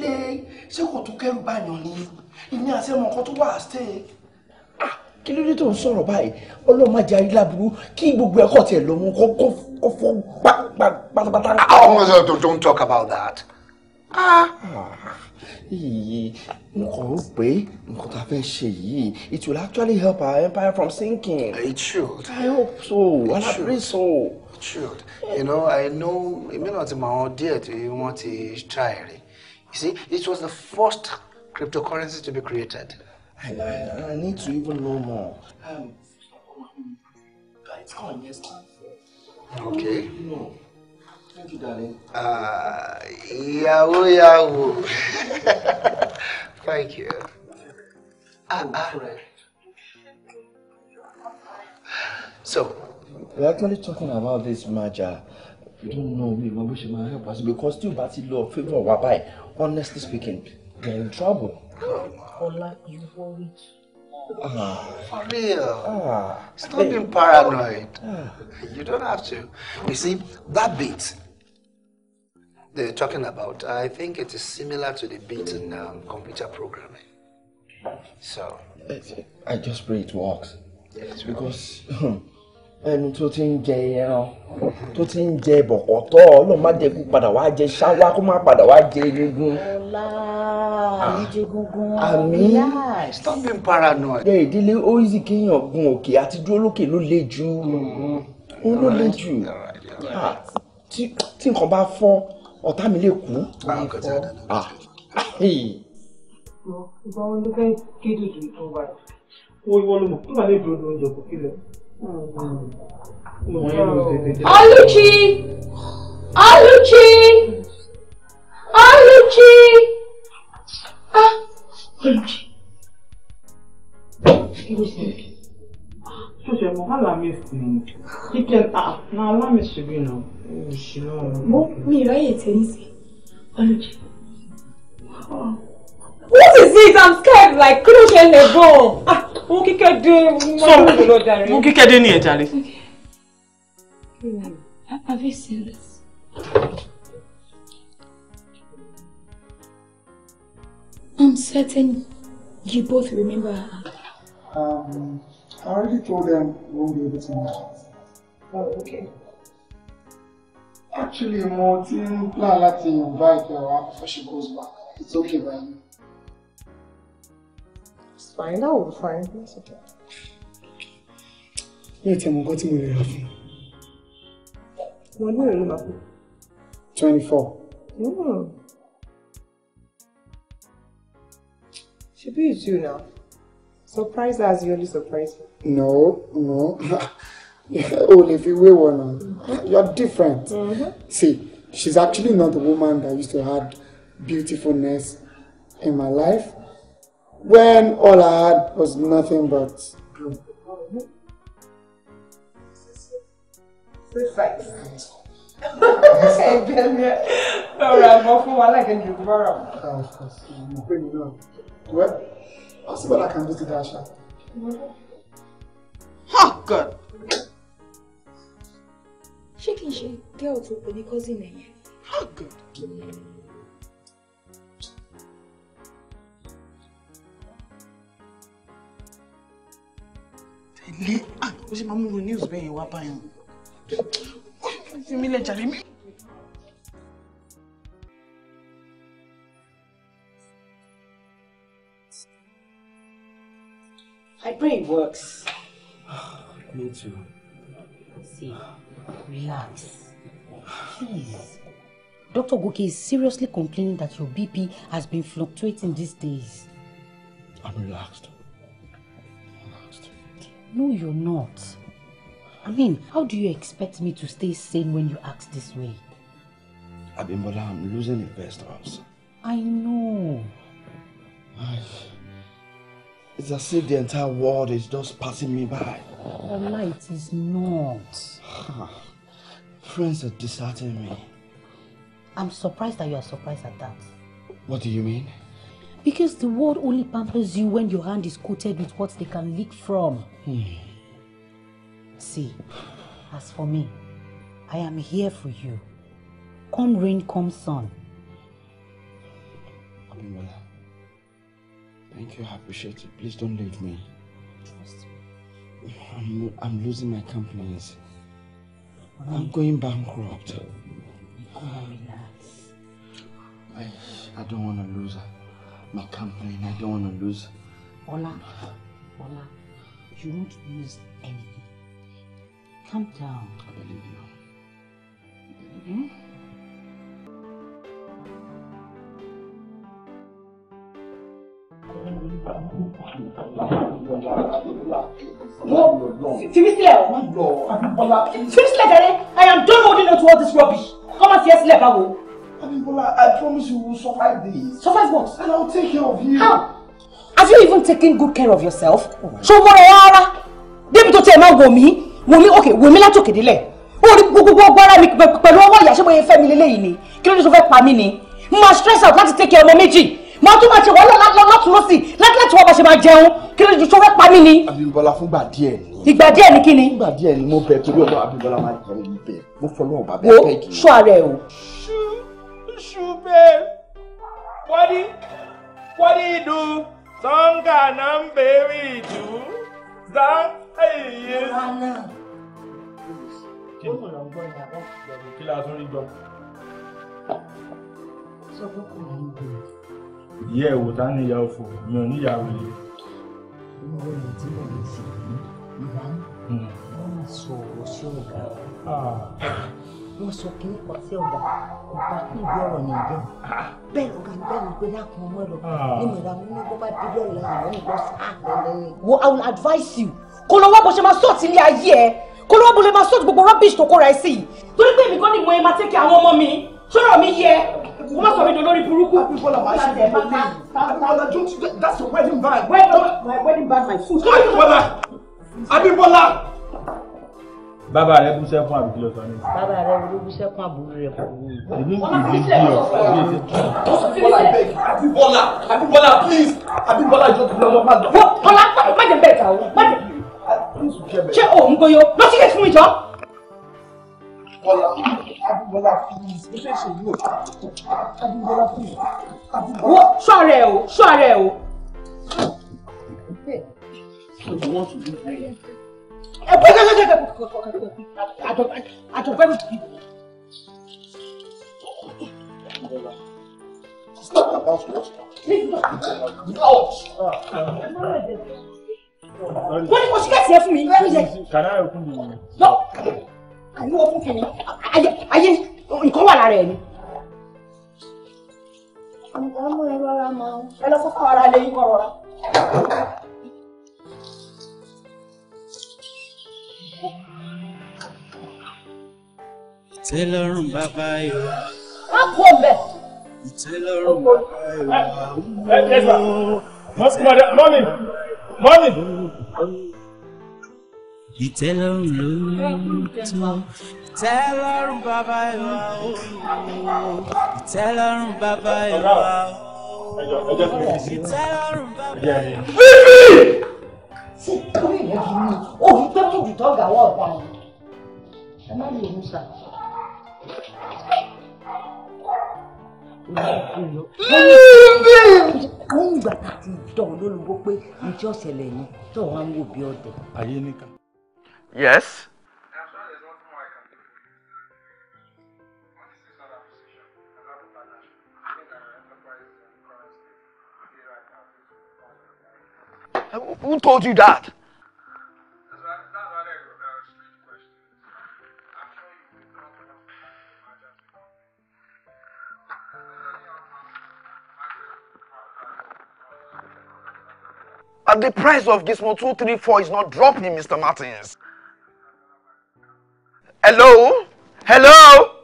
délé ṣé kò tún kẹ́rù báyàn ni ìní àti ẹmọ kan tó wà á ah, kí ló dé tó ń sọ̀rọ̀ báyìí ọlọ́run má jẹ́ aríláburú kí gbogbo ẹ̀kọ́ tiẹ̀ lọ mú kó fọ́ pátápátá. ọmọ ah, sọ oh, don't don't talk about that. Ah. yìí n kò rò pé nǹkan tá a fẹ́ ṣe yìí it will actually help our empire from sinking. it should. I hope so and I pray so. it should you know I know èmi náà ti mọ àwọn díẹ̀ tí wọ́n ti try rẹ̀. You see, it was the first cryptocurrency to be created. I, I, I need to even know more. Um, it's coming, yes. Okay. No. Thank you, darling. Uh, yahoo, yahoo. Thank you. Ah, ah. So, we're actually talking about this merger. You don't know me, Mabushima help us because still Bati law favor Wabai honestly speaking, they're in trouble. Ola, you worry Ah. For real. Ah. Stop hey. being paranoid. Ah. You don't have to. You see, that beat they're talking about, I think it is similar to the beat in um, computer programming. So. I just pray it works. Yes, because. Hmm, ẹnu tó ti ń jẹ ẹran tó ti ń jẹ bọ̀kọ̀tọ̀ ọlọ́run má jẹ́ padà wá jẹ ṣáwá kó má padà wá jẹ egungun. ọlá àlejò ah, gungun àmì stop being paranoid. ẹ ìdílé oríṣi kéèyàn gun òkè àti dúró lókè ló le jù ó ló le jù ah, tí nǹkan bá fọ́ ọ̀tá mi lè kú. Ah, ìgbà wo ló fẹ́ kí dùdù tó wà? owó ìwọ ló mọ̀ kí màá lè dúró lóúnjẹ kò kí lẹ̀. Mm-hmm. Oluchi! Oluchi! Oluchi! Ah! Oluchi! So she mo hala miss me. He can ah na hala miss you now. Oh, She no. Mo mi ráyè tenisi. Oluchi. Ah. What is this? I'm scared like kí ló ṣẹlẹ̀ go. Ah mú kíkẹ́ dé mọ́tò lọ dàrí. mú kíkẹ́ dé ní ẹ̀jà rẹ̀. I'm certain you both remember her. Um, I already told them we won't be able to meet. Oh, okay. Actually, Martin ti ń plan láti invite her wá before she goes back. It's okay by me fine. That will be fine. That's okay. Mi ò tí mọ nǹkan tí mo lè rà fún. Mo ní ìròyìn Twenty four. She be with you now. Surprise as you only surprise me. No, no. Only if you wé wọ̀ náà. You're different. Mm-hmm. See, she's actually not the woman that used to have beautifulness in my life when all I had was nothing but blue. Precise. Ọ̀rọ̀ àmọ́ fún wa aláìkẹ́ni yóò to Dasha. the God! Ṣé kìí cousin ẹ̀yẹn? Oh God! Hmm. ilé ah ó ṣe máa múru news bẹ́ẹ̀ yẹn wá báyìí fi mí lẹ̀ jàre mí. I pray it works. Ah, me too. See, relax. Please. Dr. Goke is seriously complaining that your BP has been fluctuating these days. I'm relaxed. No, you're not. I mean, how do you expect me to stay sane when you act this way? Abimbola, I'm losing the best of us. I know. It's as if the entire world is just passing me by. The light is not. Friends are deserting me. I'm surprised that you are surprised at that. What do you mean? Because the world only pampers you when your hand is coated with what they can lick from. Hmm. See, as for me, I am here for you. Come rain, come sun. Abimbola, thank you, I appreciate it. Please don't leave me. Trust me. I'm, I'm losing my companies. Right. I'm going bankrupt. Relax. I, I don't want to lose her my company and I don't want to lose. Ola, Ola, you won't lose anything. Calm down. I believe you. Mm hmm? Fimisile o. Fimisile jare, I am done holding on to all this rubbish. Come on, yes, left, I will. Abibola, I promise you will survive this. Survive what? And I'll take care of you. How? Have you even taken good care of yourself? Ṣo mọ ẹ rárá? Débi tó tiẹ̀ máa wò mí, wò mí òkè, wò mí látòkè délẹ̀. Ó rí go. I'm ara mi pẹ̀lú ọwọ́ ìyá ṣẹ́gbọ́n yẹn fẹ́ mi lélẹ́yìí ni. Kí ló dé tó fẹ́ pa mí ni? Mo máa stress out láti take care ọmọ méjì. Màá tún máa ṣe wàhálà látún lọ́sì láti láti wọ́n bá ṣe máa jẹun. Kí ló dé tó fẹ́ pa mí ni? Abibola fúngbà díẹ̀ ni. Ìgbà díẹ̀ ni kí ni? Fúngbà díẹ̀ ni mo bẹ̀ torí to Abibola máa jẹun ibẹ̀. Mo fọlọ́ ọ̀bà bẹ́ẹ̀ kẹ́kì. Wo ṣọ́ ara ẹ̀ o. Shube. What do you, what do you do? Zonga baby do. Zang, hey, yes. Anna. Kí la tún rí gbọ́? Sọ pé kò ní ìgbèrè. Ìyá ẹ̀wò ta ní ìyá òfò, mi ò ní ìyá wèrè. Mo wọ ìlú tí mo lè ṣe. Ìyá, wọ́n sọ ọ̀rọ̀ sí ọ̀gá wọ́n sọ kí nípa sí ọ̀gá ọ̀gá ìwé ọ̀rọ̀ nìyẹn ah. bẹ́ẹ̀ ọ̀gá bẹ́ẹ̀ ni lákùn ọmọ ẹ̀rọ ah. ní mẹ́ra mú ní bọ́bá bíbí lẹ́yìn lẹ́yìn lọ sí àgbẹ̀lẹ́yìn. wo I will advise you kó lọ wá bó ṣe máa sọ̀tì ilé ayé ẹ kó lọ wá bó ṣe máa sọ̀tì gbogbo rubbish tó kóra ẹ sí i torí pé èmi kọ́ ni mo ẹ máa tẹ́kẹ̀ àwọn ọmọ mi sọ̀rọ̀ mi yẹ wọ́n má sọ mi dolórí burúkú. people are watching the movie. that's your wedding band. my wedding band my food. Abímbọ́lá Abímbọ́lá bàbá rẹ bú sẹ́kún àbùkù lọ sọ ní. bàbá rẹ ló bú sẹ́kún àbúrò rẹ kò wú. èmi kì í bí ọ àbí èsì. Abímbọ́lá beg Abímbọ́lá Abímbọ́lá please Abímbọ́lá jọ kúlọ lọ má lọ. wọ́n Bọ́lá má jẹ bẹ́ẹ̀ ta o má jẹ. Ah, ṣé òun goyo lọ sí kẹ́sì fún ìjọ. Bọ́lá Abímbọ́lá please mo fẹ́ ṣe yóò Abímbọ́lá please. wọ́n ṣọ́ rẹ̀ o ṣọ́ rẹ̀ o. I want to do this. Wọ́n ní kò sí kẹ́sì ẹ fún mi. Kàdá ẹ fún mi. Lọ, àyè wọ́n fún kìnnì. Ayé nǹkan wà lára ẹ̀ ni. Nǹkan mú ẹ rọra máa. ara lẹ́yìn kọ́ ìtẹ́lọ́rùn bàbá yọ. má kú ọbẹ̀. ìtẹ́lọ́rùn bàbá yọ. mọ́mí mọ́mí. ìtẹ́lọ́rùn ló ń tọ́. ìtẹ́lọ́rùn bàbá yọ. ìtẹ́lọ́rùn bàbá yọ. ìtẹ́lọ́rùn bàbá yọ. bíbí ṣé torí ìyẹn fi ní òun tó tún jù tó gà wọ́ ọ̀gá yìí ẹ má lè mú sáà lẹ́yìn ìgbà tá a ti dán lólobó pé ǹjẹ́ ọ̀sẹ̀lẹ̀ ni tó wàá ń wò bí ọdẹ. ayé níkà. yes. Who told you that? And the price of Gizmo 234 is not dropping, Mr. Martins. Hello? Hello?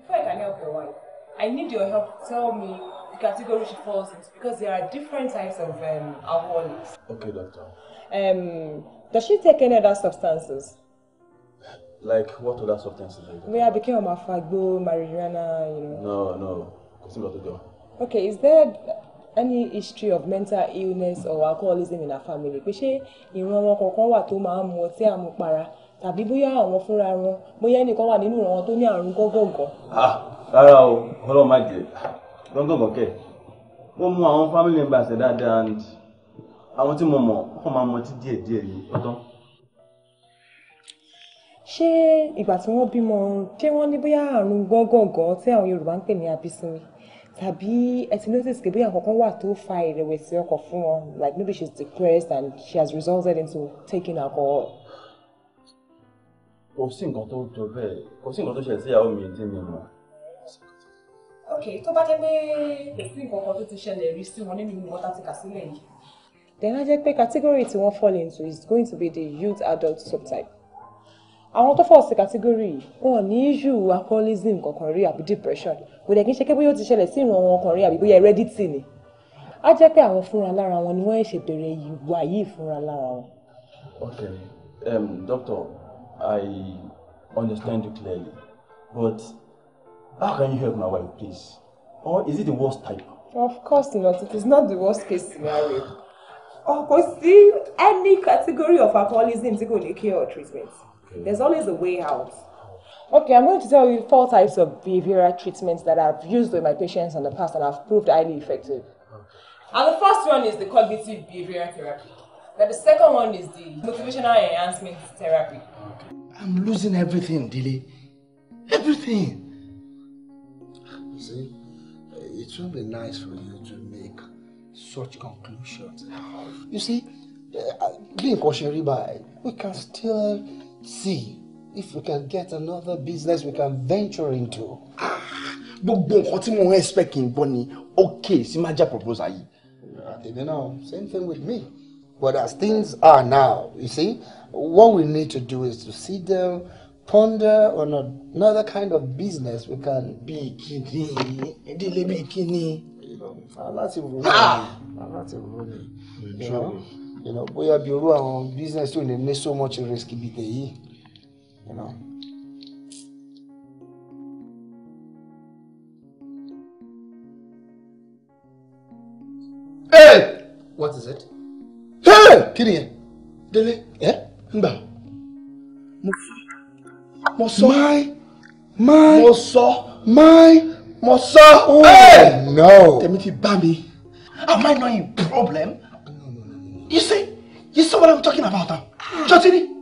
Before I can help your I need your help to tell me the category she falls into because there are different types of um, alcoholics. Okay, doctor. Um, does she take any other substances? Like what other substances? Bóyá bí kéèyàn máa fagbó, marijuana, you know. No, no, kò sí lọ́tọ̀ Okay, is there any history of mental illness or alcoholism in her family? Pé she ìran wọn kankan wà tó máa ń mu ọtí àmupara tàbí bóyá àwọn fúnra wọn bóyá ẹnìkan wà nínú ìran tó ní àrùn Ah, rárá o, ọlọ́run má jẹ́, gọ́gọ̀gàn kẹ̀. Wọ́n mú àwọn family members ẹ̀ dáadáa and àwọn tí mo mọ̀ wọ́n máa mọtí díẹ̀ díẹ̀ ní ọdún. ṣé ìgbà tí wọ́n bímọ ṣé wọ́n ní bóyá àrùn gọ́gọ̀gọ́ tí àwọn Yorùbá ń pè ní abisinmi tàbí ethnosis kì í bóyá kankan wà tó fa ìrẹ̀wẹ̀sì ọkàn fún wọn like maybe she's depressed and she has resulted into taking alcohol. kò sí nǹkan tó jọ bẹ́ẹ̀ kò sí nǹkan tó ṣẹlẹ̀ sí mi tí mi mọ̀ ok tó bá jẹ́ pé kò sí nǹkan kan tó ti ṣẹlẹ̀ rí sí wọn nínú ìwọ́n ti kà sílẹ̀ yìí then á jẹ́ pé category tí wọ́n fall into is going to be the youth adult subtype. àwọn tó fọ̀ sí category yìí wọn ò ní issue alcoholism kankan rí àbí depression kò dẹ̀ kí n ṣe pé bóyá ó ti ṣẹlẹ̀ sí ìran wọn kan rí àbí bóyá heredity ni á jẹ́ pé àwọn fúnra lára wọn ni wọ́n ṣe bẹ̀rẹ̀ ìwà yìí fúnra lára wọn. okay um, doctor i understand you clearly but how can you help my wife please or is it the worst type. of course not it is not the worst case scenario. Oh, kò sí any category of alcoholism tí kò ní cure or treatment there's always a way out. Okay, I'm going to tell you four types of behavioral treatments that I've used with my patients in the past and have proved highly effective. And the first one is the cognitive behavioral therapy. Then the second one is the motivational enhancement therapy. I'm losing everything, Dilly. Everything. see, it will be nice for you such conclusions. You see, being cautionary by, we can still see if we can get another business we can venture into. Gbogbo nǹkan tí mo ń expect kí n gbọ́ ni okay sí máa jẹ́ proposal yìí. Àtẹ̀mí náà same thing with me. But as things are now, you see, what we need to do is to sit down, ponder on another kind of business we can. be. Kini, ìdílé bí kíni aláti ah, rò ní aláti ah! ah, rò you ìnà bóyá bí orú àwọn business tó lè ní so much risk ibi tẹ̀ You know. Hey! What is it? Hey! Kí ni yẹn? Délé. Ẹ́ ń gbà. Mo sọ. Mo sọ. Máì. Máì. Mo sọ mo sọ. Oh, hey no. tèmi ti bá mi am I not in problem you see you see what I'm talking about now jọ́sí ni.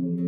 Thank you.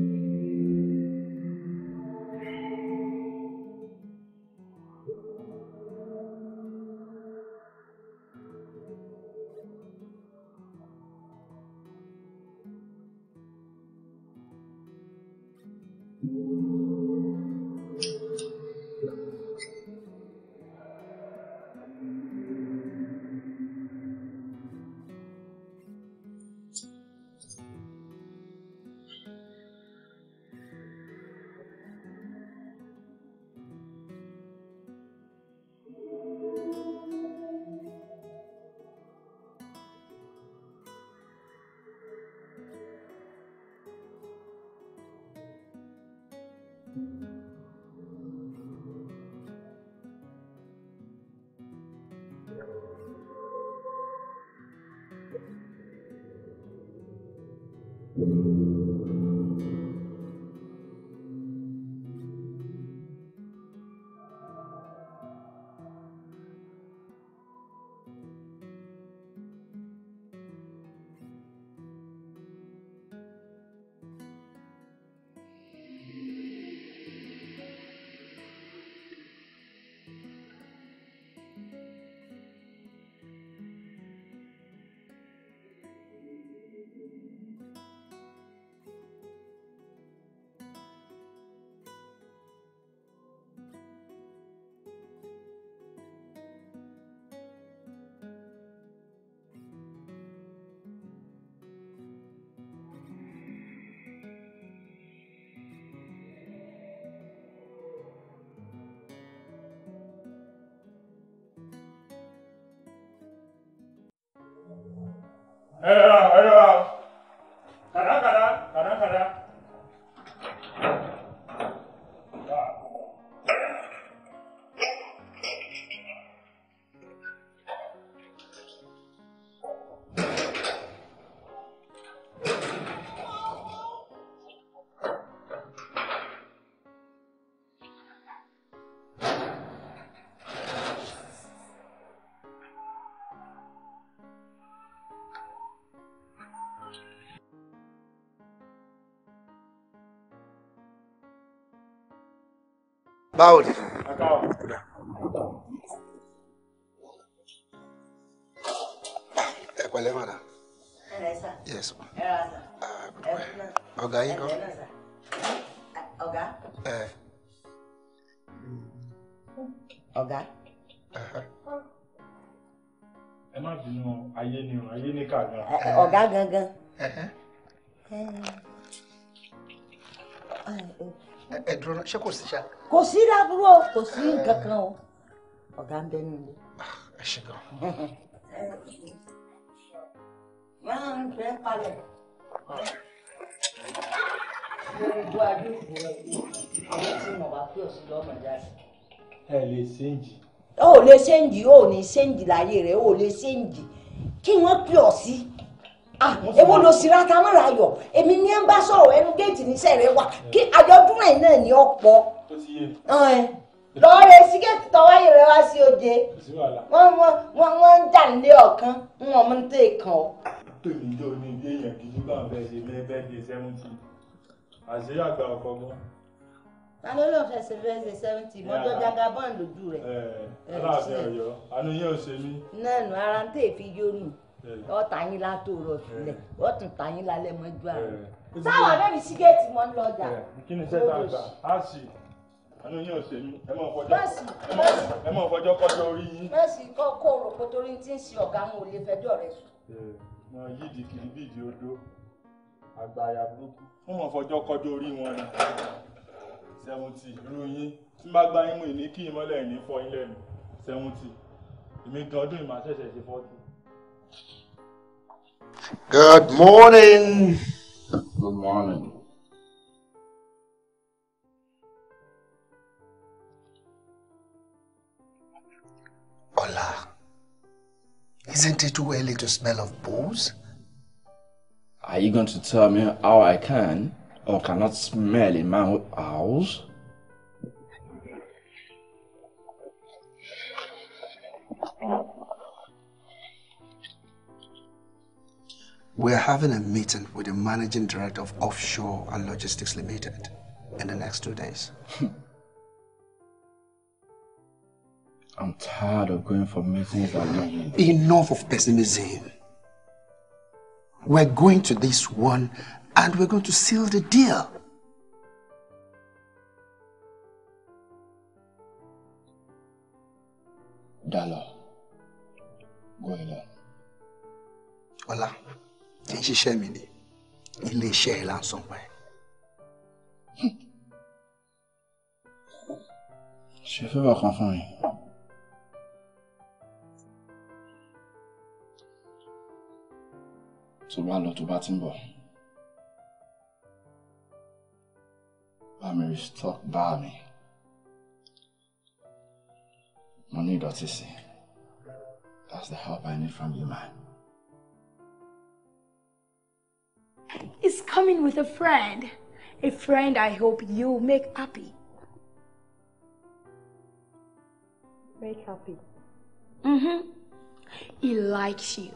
Era, era. báwo ni. kò sí ṣá. kò sí lábúrò kò sí nǹkan kan o ọ̀gá ń bẹ́nu ilé. ẹ ṣe gan. máa ń fẹ́ palẹ̀. gbogbo àdúgbò ọ̀rẹ́ tí mo wá pé òsì lọ́mọ jáde. ẹ lè ṣéǹjì. o ò lè ṣéǹjì o ò ní ṣéǹjì láyé rẹ o ò lè ṣéǹjì kí wọ́n pè ọ́ sí ah èwo ló sì tamara ayọ̀ èmi ní ẹ ń bá sọ̀rọ̀ ẹnu géètì níṣẹ́ rẹ wà kí báyìí náà ní ọ̀pọ̀ lọ́ọ́ rẹ sígẹ́tì tọ́wáyé rẹ wá sí oje wọ́n wọ́n ń jà nílé ọ̀kan ń wọ́n mú tẹ̀ kàn ọ́. tèmi jọ ní ilé èèyàn kì í nígbà bẹ́ẹ̀ ṣe bẹ́ẹ̀ bẹ́ẹ̀ ṣe sẹ́wọ́ntì àṣírí àgbà ọkọ̀ mọ́. ta ló lọ fẹsẹ̀ fẹsẹ̀ sẹ́wọ́ntì mọ́jọ́ jágá bọ́ọ̀n lójú rẹ̀. ẹ aláàfin Ọ̀yọ́ àánú yẹn ò ṣe mí. náà ara ń tẹ̀ fi yónù ọ̀ tàyín látòrọ̀ sílẹ̀ ọ̀ tún tàyín lálẹ́ mọ́jú àrùn sáwọn abẹ́mi sí géètì mọ́ ń lọ́jà. kí ni sẹ́ta àgbà á sì àánú yín ò sèmi ẹ mọ̀ fọjọ́ ẹ mọ̀ fọjọ́ kọjọ́ orí yín. mẹ́sì kọ́ kó o torí ti ń ṣe ọ̀gá wọn ò fẹjọ́ rẹ sùn. wọn yí di kiri bí ìdí odó àgbàyà burúkú wọn mọ̀ fọjọ́ kọjọ́ orí wọn ni seventy irú yín tí n bá gbá yín mú ìní kí ìmọ́lẹ̀ ìní fọ yín lẹ́nu seventy èmi gan ọdún ìmọ̀ àṣẹ̀ṣẹ̀ ṣe fọ́ọ̀tù. Good morning. Good morning. Ola, isn't it too early to smell of booze? Are you going to tell me how I can or cannot smell in my house? We're having a meeting with the managing director of Offshore and Logistics Limited in the next two days. I'm tired of going for meetings alone. Enough of pessimism. We're going to this one and we're going to seal the deal. Dalo, go alone. Hola. tí ń ṣiṣẹ́ mi ni ilé iṣẹ́ ẹ̀ lásán pa ẹ̀. ṣe fẹ́ wà kan fún mi. tó bá lọ tó bá ti ń bọ̀ bá mi restore bá mi mo ní ìdọ̀tí sí that's the help I need from you man. is coming with a friend. A friend I hope you make happy. Make happy. Mm-hmm. He likes you.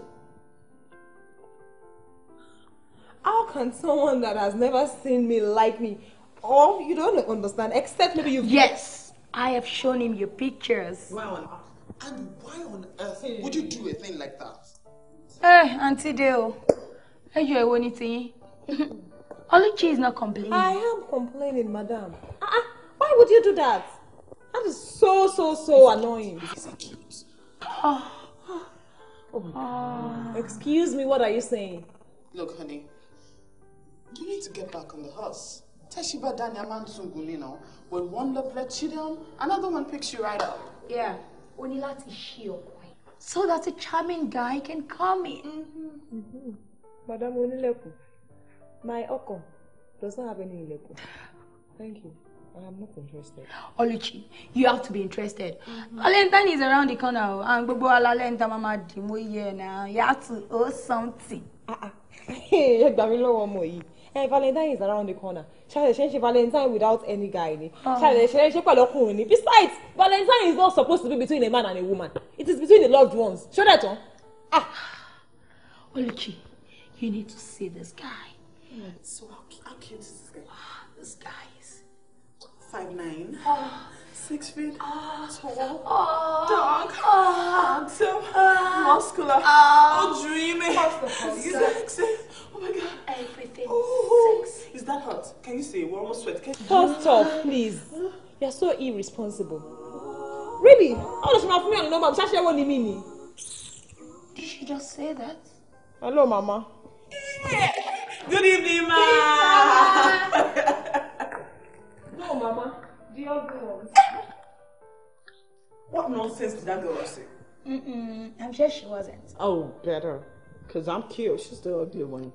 How can someone that has never seen me like me? Or you don't understand, except maybe you've... Yes, I have shown him your pictures. Why on earth? And why on earth would you do a thing like that? Hey, eh, Auntie Dale. ẹ yọ èwo ni tiyín Oluchi is not complaining. I am complaining madam ah uh -uh. why would you do that that is so so so annoying. Oh. Oh my ah. God. Uh, Excuse me, what are you saying? Look, honey, you need to get back on the horse. Teshiba Danyaman Sunguni now. When one love lets you down, another one picks you right up. Yeah. Only that is she So that a charming guy can come in. Mm -hmm. Mm -hmm madam onílẹ̀kùn my ọkàn doesn't have any ilẹ̀kùn thank you. I am not interested. Oluchi, you have to be interested. Mm-hmm. Valentine is around the corner and gbogbo alalenta mama di mo ye you have to owe something. Ah, ah. Ẹ gbà mí lọ́wọ́ ọmọ yìí. Hey, Valentine is around the corner. Shall ṣe change ṣe Valentine without any guy Shall ah. Ṣàlẹ̀ change ń ṣe pẹ̀lú ọkùnrin ni. Besides, Valentine is not supposed to be between a man and a woman. It is between the loved ones. Show that dẹ̀ Ah. Oluchi. You need to see this guy. Mm. So how, how cute is this guy? Ah, this guy is five nine, oh. six feet oh. tall, oh. dark, oh. handsome, oh. muscular, oh, oh dreamy, sexy. Oh my God! Everything oh. sexy. Is that hot? Can you see? We're almost sweat. Can First stop, please. You're so irresponsible. Really? How does my family and number? Did she just say that? Hello, Mama. Good evening, ma. no, Mama. The other ones. What nonsense did that girl say? Mm-mm. I'm sure she wasn't. Oh, better. Because I'm cute. She's the ugly one.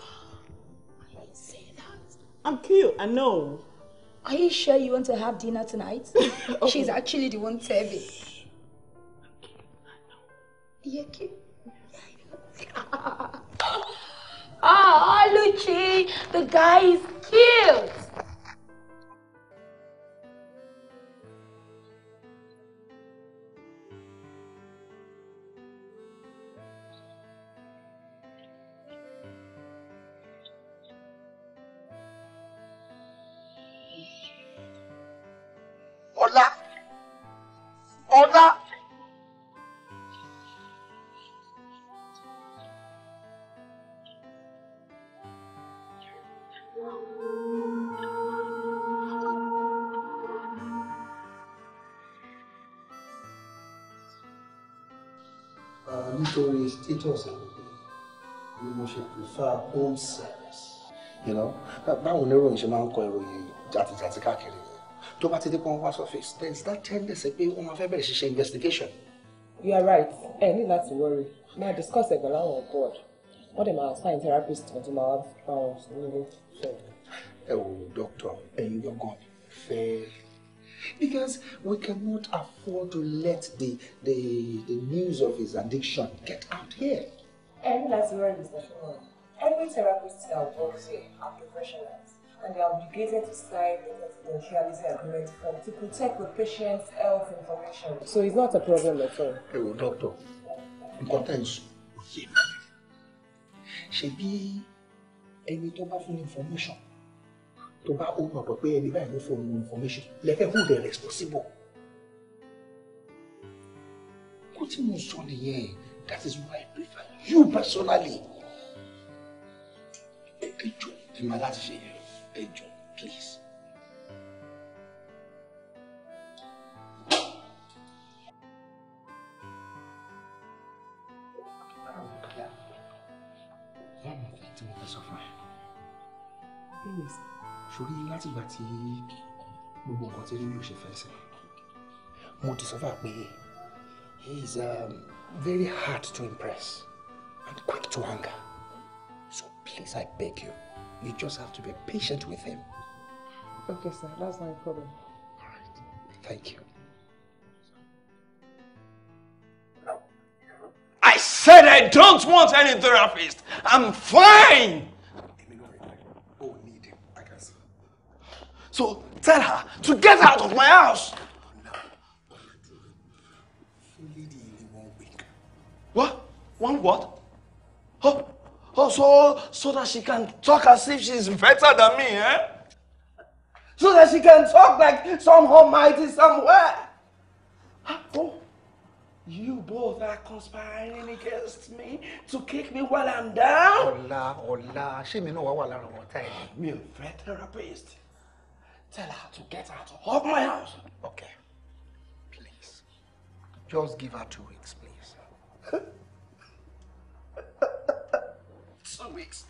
I ain't saying that. I'm cute. I know. Are you sure you want to have dinner tonight? oh. She's actually the one serving. You're cute. Yeah, I know. Oh, ah, Oluchi, the guy is cute. status àwọn ni mo ṣe prefer home service. you know that ni ìròyìn ṣe máa ń kọ ìròyìn jàtìjàtì káàkiri tó bá ti dé pọn wá surface there is that tendency pé wọ́n máa fẹ́ bẹ̀rẹ̀ investigation. you are right ẹ ní láti worry máa discuss ẹ̀gbọ́n láwọn board What am I assign therapist kan tó máa bá wọn nílé fẹ́. ẹ fair because we cannot afford to let the, the, the news of his addiction get out here. And that's where Mr. Shimon. Every therapist that works here are professionals and they are obligated to sign the confidentiality agreement form to protect the patient's health information. So it's not a problem at all. Ẹ wo doctor, nǹkan tẹ̀ ń sùn ò yé mi. Ṣebí ẹni information tó bá ó mọ̀ pé ẹni báyìí ló fún un information lẹ́fẹ̀ hold them responsible. kó tí mo sọ nìyẹn that is why I prefer you personally. ẹ jọ ẹ máa láti ṣe ẹ jọ please. ṣorí látìgbà tí gbogbo nǹkan tí lulu ṣe fẹ́ sẹ́ mo discover pé he is um, very hard to impress and quick to anger so please i beg you you just have to be patient with him. okay sir that's not a problem. all right thank you. I said I don't want any therapist. I'm fine. So tell her to get out of my house. What? One what? Oh, oh so, so that she can talk as if she's better than me, eh? So that she can talk like some almighty somewhere. Oh, you both are conspiring against me to kick me while I'm down? Ọ̀la, ọ̀la, she mi know what I'm talking. ọ̀tá ẹ̀? Mi ò fẹ́ therapist. Tell her to get out of my house. Okay. Please. Just give her two weeks, please. two weeks?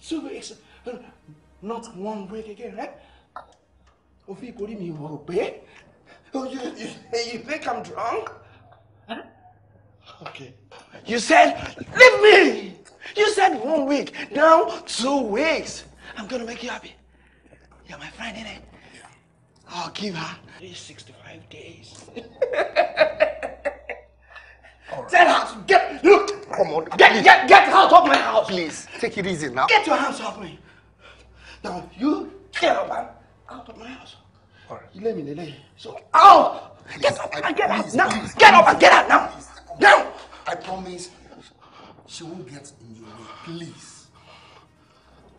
Two weeks? Not one week again, right? Ofi kori mi wo pe. Oh, you, you think I'm drunk? Okay. You said, leave me! You said one week. Now, two weeks. I'm gonna make you happy. You're my friend, innit? Yeah. I'll oh, give her 365 days. Right. Tell her to get, look! Come on. Get, get, get out of my house! Please, take it easy now. Get your hands off me. Now, you get up and out of my house. All right. You let me, Lele. So, out! Please, get up I, and get please, out now! Please, get up and get out now! Now! I promise she won't get in your way. Please.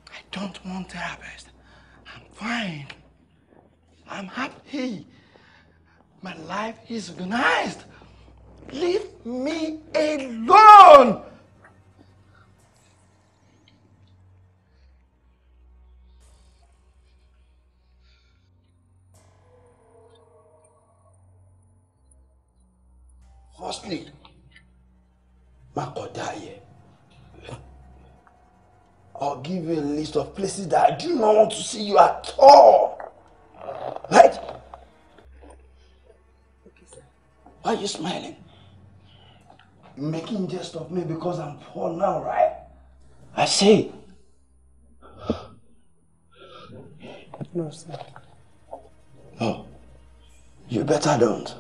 I don't want therapist. I'm fine. I'm happy. My life is organized. Leave me alone! Firstly, má kọjá yẹ or give you a list of places that I do not want to see you at all. Right? Why are you smiling? making jest of me because I'm poor now, right? I say. No, sir. No. You better don't.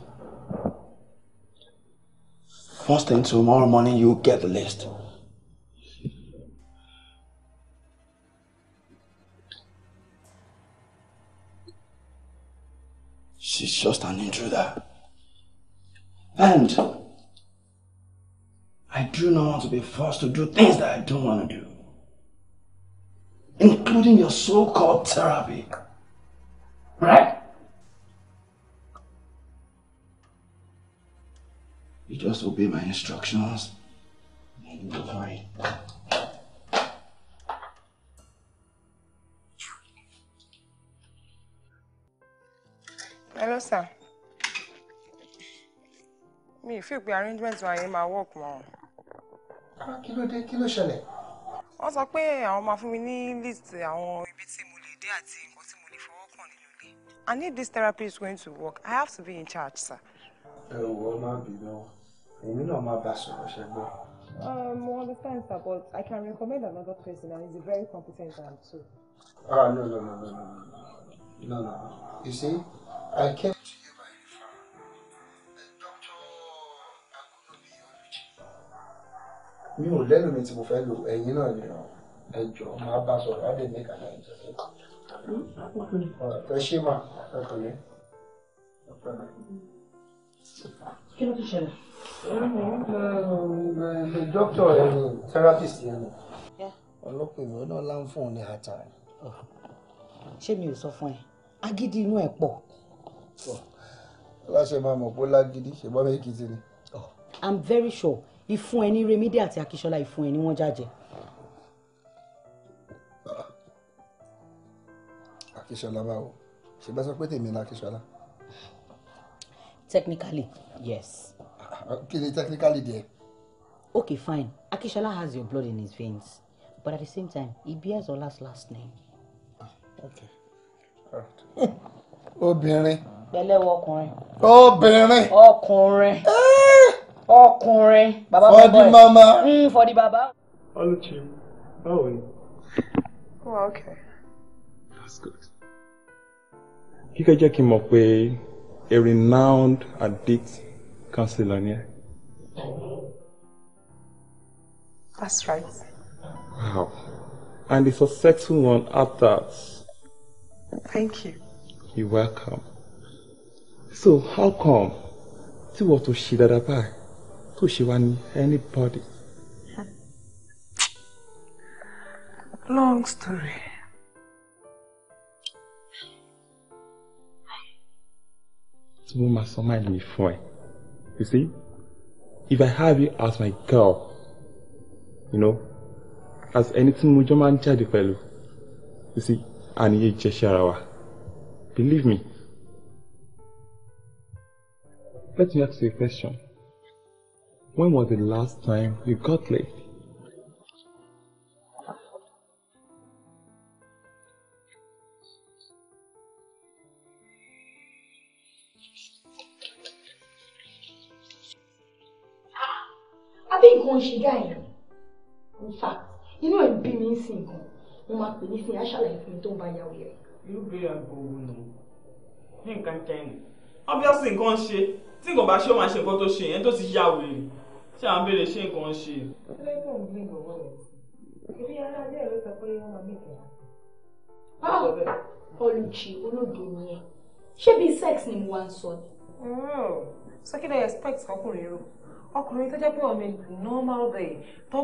First thing tomorrow morning, you get the list. she's just an intruder. And I do not want to be forced to do things that I don't want to do, including your so called therapy. Right? You just obey my instructions and sir mi ì fi pé arrangement wa yẹn máa work mọ́. Ah, kí ló dé kí ló ṣẹlẹ̀. wọ́n sọ pé àwọn máa fún mi ní list àwọn ibi tí mo lè dé àti nǹkan tí mo lè fọwọ́ kàn nínú ilé. I need this therapy is going to work I have to be in charge sir. ẹ wọ máa bì lọ́wọ́ èmi náà máa bá sọ̀rọ̀ ṣẹ́gbọ́n. Um, I understand, sir, but I can recommend another person, and he's a very competent man too. Ah, no, no, no, no, no, no, no, no. You see, I came to you by referral. The doctor Akunobi Oriji. Mi ò lẹ́nu mi tí mo fẹ́ lò ẹ̀yin náà ni ẹ jọ máa bá sọ̀rọ̀ á lè ní kàná ìjọ sí. Ẹ ṣé mà ẹ kò ní. Kí ló ti ṣẹlẹ̀? The um, um, doctor ẹni therapist láǹfọ̀n ní àtàrà. Ṣé mi ò sọ fún ẹ? Agídí inú ẹ̀ pọ̀ aláṣẹ máa mọ̀ pé lágídí ṣùgbọ́n èkìtì ni. i'm very sure ìfún ẹni remidi àti akíṣọlá ìfún ẹni wọ́n jàjẹ́. Ah, akíṣọlá báwo ṣe bá sọ pé tèmi ni akíṣọlá. technically yes. Ah, kí ni technically díẹ̀. okay fine akíṣọlá has your blood in his veins but at the same time he bears Ola's last name. Ah, okay all right obìnrin pẹ̀lẹ́wọ ọkùnrin. obìnrin. ọkùnrin. Eh. ọkùnrin. bàbá bàbá fọdí mama. Hmm, fọdí bàbá. olùchí báwo ni. well okay. that's good. kíkẹ́ jẹ́ kí n mọ̀ pé a renowned addict counselor ni ẹ. that's right. wow and a successful one at that. thank you. you're welcome so how come tí what tó ṣe dáadáa báyìí To she want anybody. long story. tí mo máa sọ máa lè you see if I have you as my girl you know as anything tí mo jọ máa ń jáde you see àníyé jẹ́ ṣe ara believe me. Let me ask you a question. When was the last time you got late? Àbí nǹkan ṣe In fact, inú ẹ̀ bí mi sí nǹkan. Mo máa pè ní sí aṣáláyé fún mi tó ń bá yàwó rẹ̀. Irú gbéyàwó wo nù? Ní nǹkan kẹ́yìn. Obviously tí nǹkan bá ṣe ó máa ṣe nǹkan tó ṣe yẹn tó ti yá wèrè ṣé àwọn béèrè ṣé nǹkan ń ṣe. olùjì olódò ni ẹ ṣé bíi sex ni mo wá ń sọ ni. Mm. sọ kí lè expect ọkùnrin rò ọkùnrin tó jẹ́ pé ọ̀nà normal day tó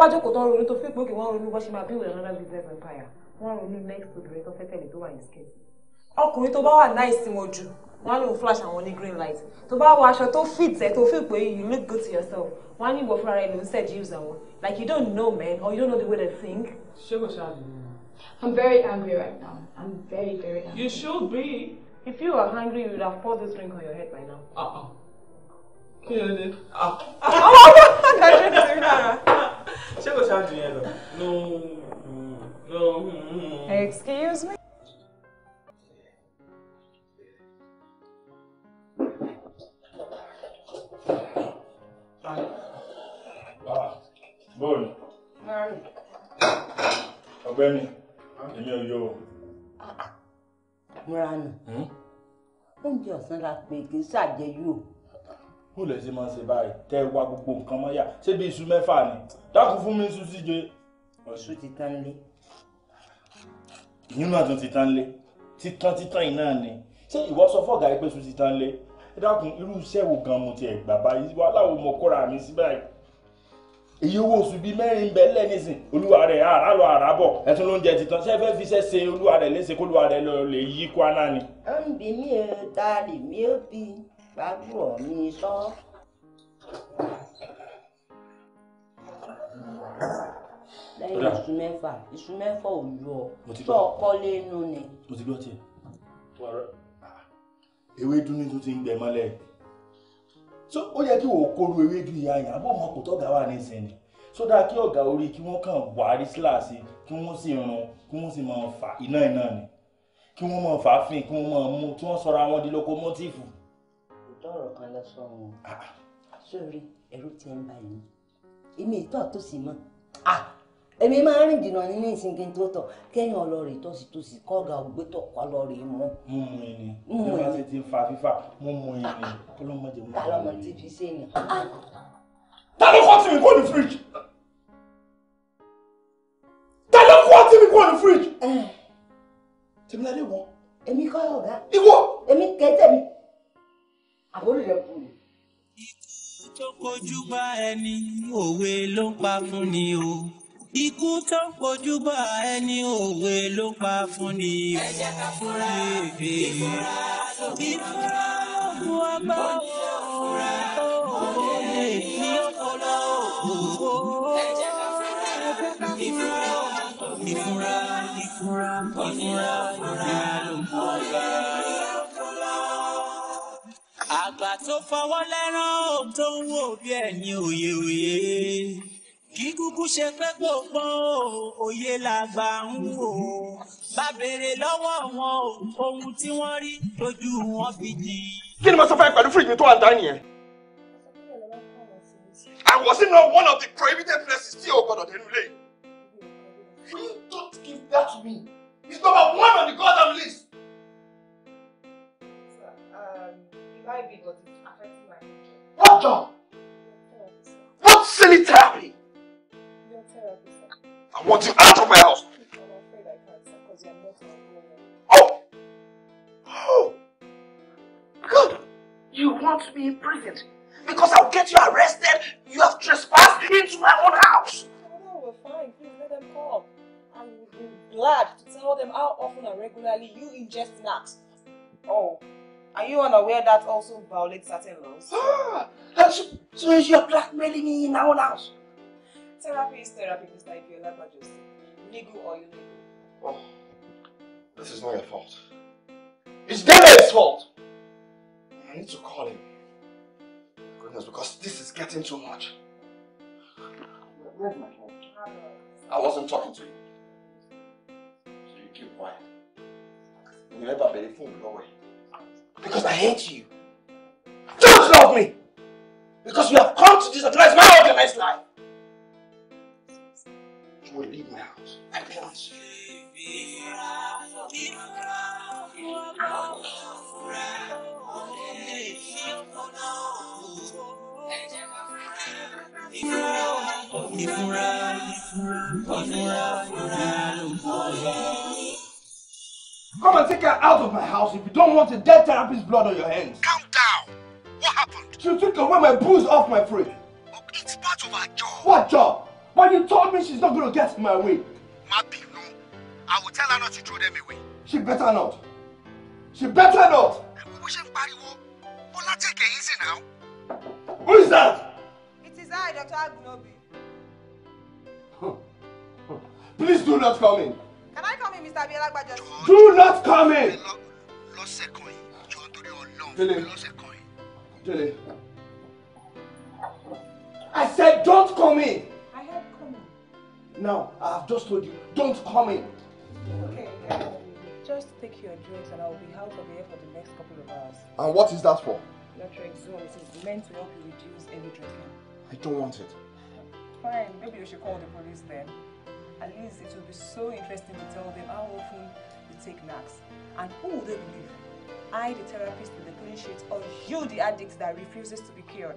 bá jókòó tó ń ronú tó fi pé òkè wọ́n ronú bó ṣe máa build another business empire wọ́n ronú next to the rate of fẹ́tẹ̀lẹ̀ tó wà ní skate. ọkùnrin tó bá wà náìsí wọn jù wọ́n á lóun flash àwọn ní green light tó bá wọ aṣọ tó fit ẹ̀ tó fi pé you look good to yourself wọ́n á ní ìwọ fúnra rẹ̀ ló ń seduce àwọn like you don't know men or you don't know the way they think. ṣé kò ṣáà nìyẹn. I'm very angry right now. I'm very very angry. You should be. If you were hungry, you would have poured this drink on your head by now. uh Kí ló dé? Ah. Ọ̀rọ̀ mi ti rárá. Ṣé kò ṣáà nìyẹn lọ? No. No. Excuse me? bọ́ọ̀lù. ọ̀gbẹ́ni èmi ò yọ o. múra nù hmm? oúnjẹ ọ̀sán la pè kí ṣàjẹyù o. ó lè ṣe máa ṣe báyìí tẹ́ ẹ wá gbogbo nǹkan mọ́yà ṣé bí iṣu mẹ́fà ni dákun fún mi iṣu síje. ọ̀ṣun ti tán lé. ìyún náà tún ti tán lé títán títán yìí náà ni ṣé ìwọ sọ fọ́ọ̀gá ẹgbẹ́ iṣu ti tán lé ẹ dákun irú iṣẹ́ wo gan mo ti ẹ̀ gbà báyìí wàhálà wo mo kóra mi sí báyìí iye owó oṣù bíi mẹ́rin bẹ́ẹ̀ lẹ́nìsìn olúwa rẹ̀ àrà lọ àrà bọ̀ ẹ̀tún ló ń jẹ titan ṣé ẹ fẹ́ fi iṣẹ́ ṣe olúwa rẹ̀ léṣe kó olúwa rẹ̀ lọ lè yí kwana ni. ó ń bí mi ò ta lè mi ò bí gbàgbọ́ mi sọ. lẹ́yìn iṣu mẹ́fà iṣu mẹ́fà ò yọ tó ọkọ lẹ́nu ni. mo ti gbọ́ tiẹ̀. Ah. ewé dúnni tó ti ń gbẹ mọ́lẹ̀ so ó yẹ kí wò kóru ewé gidi yàn àbọ̀ ọmọ kò tọ́gà wà nísìnyí so dáa kí ọ̀gá orí kí wọ́n kàn buhari síláàsì kí wọ́n sì rún kí wọ́n sì máa fà iná iná ni kí wọ́n máa fà á fìn kí wọ́n máa mú kí wọ́n sọra wọn di lokomotifu. ìtọ́rọ̀ kan lọ sọ wọn ah, ah. sórí ẹ̀rù ti ń bà yín èmi ìtọ́ àtòsí mọ́ ah, èmi máa ń rìn jìnnà nínú ìsìn kí n tó tọ̀ kẹ́yìn ọlọ́ọ̀rẹ́ tòsítòsí kọ́ọ̀gà ògbétọ̀ kọ́ lọ́ọ̀rẹ́ mú. mú mu ẹni bí wọ́n ti ti fa fífa mú mu ẹni kó ló mọ̀ jẹ́ mú mu ẹni. ta lọ́mọ tí fi ṣe yàn. Ah! ta ló kọ́ tí mi kó ní fíríjì. ta ló kọ́ tí mi kó ní fíríjì. Eh. tèmi lálẹ́ wọ. èmi kọ́ ọ̀gá. ìwọ. èmi kẹ́tẹ̀ mi. àbúrò rẹ̀ kù tó kojú bá ẹni òwe ló ń pa fún ni o ikú tó ń kojú bá ẹni òwe ló pa fún ni. ẹ jẹ́ ká fura ìfura lómi fura olúwa bá òfura òye ní ọpọlọ òwò. ẹ jẹ́ ká fura ìfura ìfura ìfura ìfura ìfura lómi. àgbà tó fọwọ́ lẹ́rán ó tó ń wò bí ẹni òye òye kí kúkú ṣe pé gbogbo òye làgbà ń wò ó bá béèrè lọ́wọ́ wọn ohun tí wọ́n rí lójú wọn fi jì. kí ni mo sọ fún pẹ̀lú fíríjì tó wà ń dání yẹn. I was in one of the prohibited places tí o gbọdọ̀ dẹnu lé. You don't give that to me. It's number one on the goddamn list. Um, What job? What silly therapy? I want you out of my house. Oh! Oh! Good! You want me imprisoned because I'll get you arrested. You have trespassed into my own house. Oh, no, we're fine. Please let them come. I will be glad to tell them how often and regularly you ingest snacks. Oh, are you unaware that also violates certain laws? Ah, so, so you're blackmailing me in our own house? Therapy is therapy, Mr. Ibiola Bajosi. Legal or illegal. Oh, this is not your fault. It's David's fault! I need to call him. Goodness, because this is getting too much. Where's my phone? I wasn't talking to you. So you keep quiet. You never be the fool your way. Because I hate you. Don't love me! Because you have come to disorganize my organized life! would leave my house. I promise. Come and take her out of my house if you don't want a dead therapist's blood on your hands. Calm down. What happened? She took away my booze off my fridge. Oh, it's part of our job. What job? But you told me she's not going to get in my way. My Mabi, no. I will tell her not to throw them away. She better not. She better not. We should party war. But not take it easy now. Who is that? It is I, Dr. Agunobi. Please do not come in. Can I come in, Mr. Abielagbajo? Do not come in. Dele. Dele. I said don't come in. Now, I have just told you, don't come in. Okay, just take your drinks and I'll be out of here for the next couple of hours. And what is that for? Natrexone. It is meant to help you reduce any drinking. I don't want it. Fine, maybe you should call the police then. At least it will be so interesting to tell them how often you take NACs. And who would they believe? I, the therapist with the clean sheets, or you, the addict that refuses to be cured?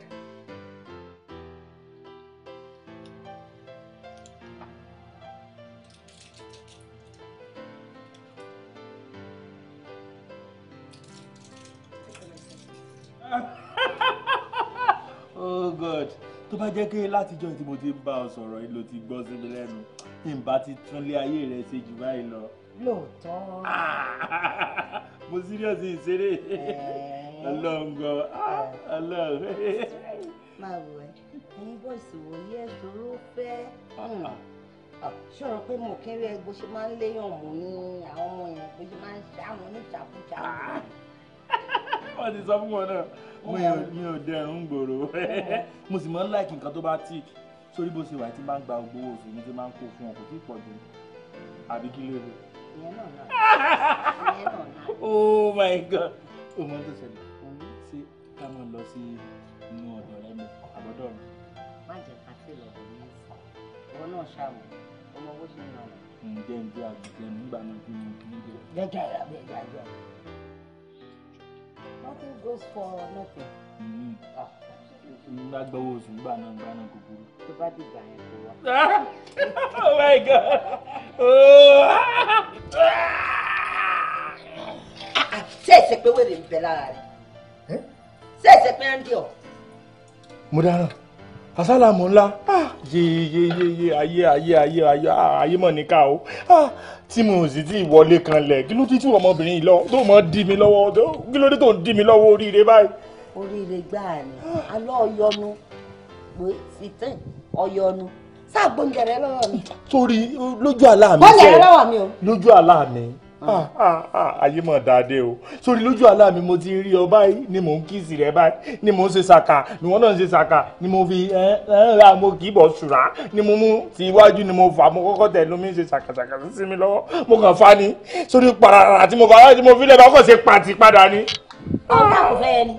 oh god tó bá jẹ́ pé látijọ́ tí mo ti ń bá ọ sọ̀rọ̀ yìí ló ti gbọ́ sí mi lẹ́nu tí n bá ti tún lé ayé rẹ ṣe jù báyìí lọ. lóòótọ́. mo serious ìṣeré ọlọ́ngọ ọlọ́run. máa wọ ẹ ẹyin bọ́ọ̀sì wo ni ẹ ṣòro fẹ́ ah. ah, ṣọ̀rọ̀ pé mo kéré ẹ bó ṣe máa ń léyàn mú ní àwọn ọmọ yẹn bó ṣe máa ń ṣàwọn oníṣàkúṣà. Ah wọ́n ti sọ fún wọn náà mi ò mi ò dẹrùn gbòòrò mo sì mọ́ láìkì nǹkan tó bá tì sórí bó ṣe wà tí máa ń gba gbowó oṣù mi tí máa ń kó fún ọ tí pọ̀ jù àbí kí ló rò. oh my god oh, o mọ tó ṣẹlẹ̀ ṣé ká mọ̀ lọ sí inú ọ̀dọ̀ rẹ mi àbọ̀dọ̀ mi. má jẹ́ ká sí lọ́dọ̀ mi ìwọ náà ṣàwọ̀ ọmọ bó ṣe ń lọ. ǹjẹ́ ǹjẹ́ àgùntàn nígbà náà kí ni kí ni jẹ́. jẹ́jẹ́ rẹ̀ bẹ́ẹ̀ Mm-hmm. Ah, ah! oh my god. Ah, ṣé ẹsẹ̀ pé wèrè ń bẹ lára rẹ̀ eh? ṣé ẹsẹ̀ pé ń dì ọ́ àsálàmù ńlá ah, yeyeyeye ayé ayé ayé ah, ayé mọ̀ ní ká o ah, tí mo sì ti wọlé kan lẹ̀ kí ló ti tú ọmọbìnrin yìí lọ tó mọ̀ dí mi lọ́wọ́ kí ló dé tó ń dí mi lọ́wọ́ oríire báyìí. oríire gbáà ni alọ́ ọyọnu pé fìtẹ́ ọyọnu sáà gbóngẹrẹ lọ́wọ́ mi. torí lójú àlá mi sẹ́ẹ̀ lójú àlá mi Ah, ah, ah, ayé mọ̀ dáadé o sórí lójú àlá mi mo ti rí ọ báyìí ni mò ń kíìsì rẹ báyìí ni mò ń ṣe sàkà ni wọ́n náà ń ṣe sàkà ni mo fi ẹ ra mo kì í bọ̀ ṣùrà ni mo mú ti iwájú ni mo fà mo kọ́kọ́ tẹ̀ lómi ṣe sàkàsàkà sí mi lọ́wọ́ mo kàn fa ni sórí parara tí mo fa láti mo fi lẹ́ẹ̀bá kàn ṣe pàtì padà ni. ọ̀gá kò fẹ́ ẹ ni.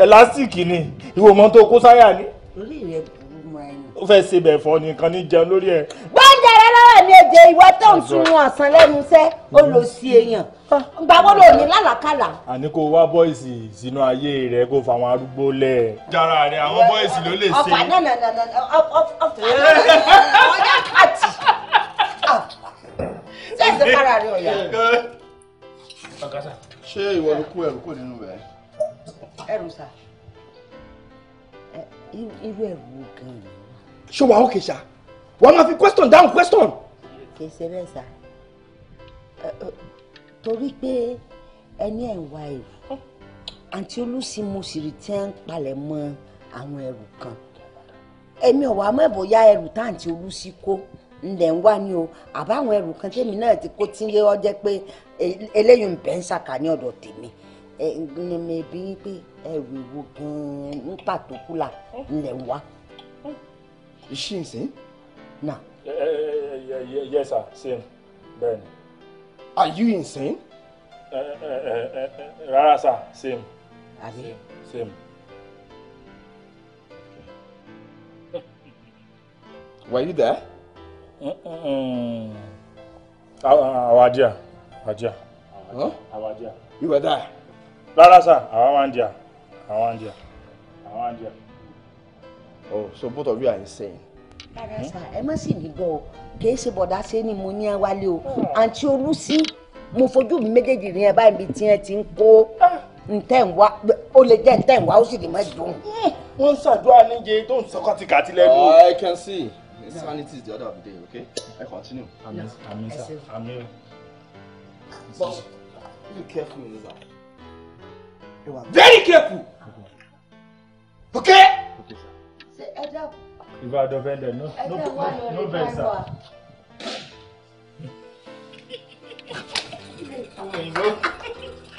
ẹlásìkì ni ìwò mọ́ tó kó sáyà ni. orí rẹ̀ burú mọ́ ẹni. ó fẹ́ ṣe bẹ̀ fọ́ nìkan ní jẹun lórí ẹ̀. gbọ́dọ̀ ní èdè ìwà tó ń sun wọn àsán lẹ́nu iṣẹ́ ó lọ sí èèyàn gbàgbọ́ ló ní lálàkàlà. àní kó wá bọ́ìsì sínú ayé rẹ kó fa àwọn arúgbó lẹ̀. jára rẹ àwọn bọ́ìsì ló lè ṣe. ọ̀fà náà nà nà nà ọ̀fà ọ̀yá kàtì ṣẹ́ẹ̀sì kára rẹ ọ̀yà. ṣé ìwọ ló kú ẹrù kò nínú rẹ. ẹrù sà irú ẹrù gan-an. ṣé wàá ó kè sá wàá máa fi question down question kì í ṣe bẹ́ẹ̀ sà torí pé ẹni ẹ̀ ń wá ẹ̀rù àǹtí olùsí mo sì rí tí ń palẹ̀ mọ́ àwọn ẹ̀rù kan èmi ò wá mọ̀ bóyá ẹ̀rù táǹtí olùsí kó ńlẹ̀ ń wá ní o àbáwọn ẹ̀rù kan tèmi náà ti kó tí ń lé ọ jẹ́ pé e, eléyìí ń bẹ́ ń ṣàkà ní ọ̀dọ̀ tèmi ni mi bí pé ẹ̀rù ìwo gan-an ń pàtó kúlà ńlẹ̀ ń wá. ìṣìǹsìn. náà. Eh, eh, eh, yes sir same Ben. are you insane. Uh, uh, uh, uh, rárá sir same. àbí same. were you there. Uh, our dear our dear. our dear. you were there. rárá sir àwa wá ń díà àwa ń díà àwa oh so both of you are insane rárá sà ẹ má sì mí gbọ́ o kì í ṣe bọ̀dá ṣe ni mo ní ẹ wálé o hmm. àǹtí olùsí mo fojú mi méjèèjì rí ẹ báyìí ibi tí ẹ ti ń kó hmm. ntẹ̀wá ó lè jẹ́ ntẹ̀wá ó sì lè má dùn. Hmm. wọ́n ń ṣàdúrà níje tó ń sọ kàtìkàtì lẹ́nu. Uh, I can see sanity is the order of the day okay I continue. àmín àmín sà àmín. but be careful Yoruba you very careful. If I don't bend no, no, no, no bend, sir.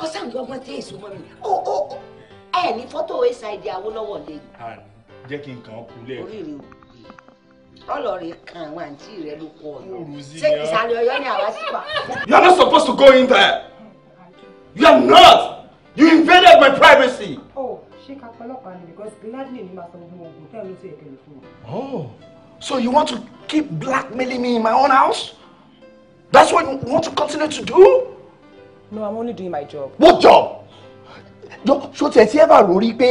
Kọ́sán gbọ́gbọ́n tí èso mọ́ mi. Ó ó ó ẹ ní fọ́tò ṣáìdì Awólọ́wọ̀ lẹ́yìn. Jẹ́ kí n kàn kú lẹ́ẹ̀kan. Oríire o. Ọlọ́ọ̀rẹ́ kan àwọn You are not supposed to go in there. You are not. You invaded my privacy. Oh ṣé ká pọlọ́pàá ni because gladly ni màá sọ gbogbo oògùn tẹ́ ló ti ẹ̀kẹ́ lè fún mi. oh so you want to keep blackmailing me in my own house that's what you want to continue to do. no i'm only doing my job. what job? ṣó tiẹ̀ tí ẹ bá rò rí pé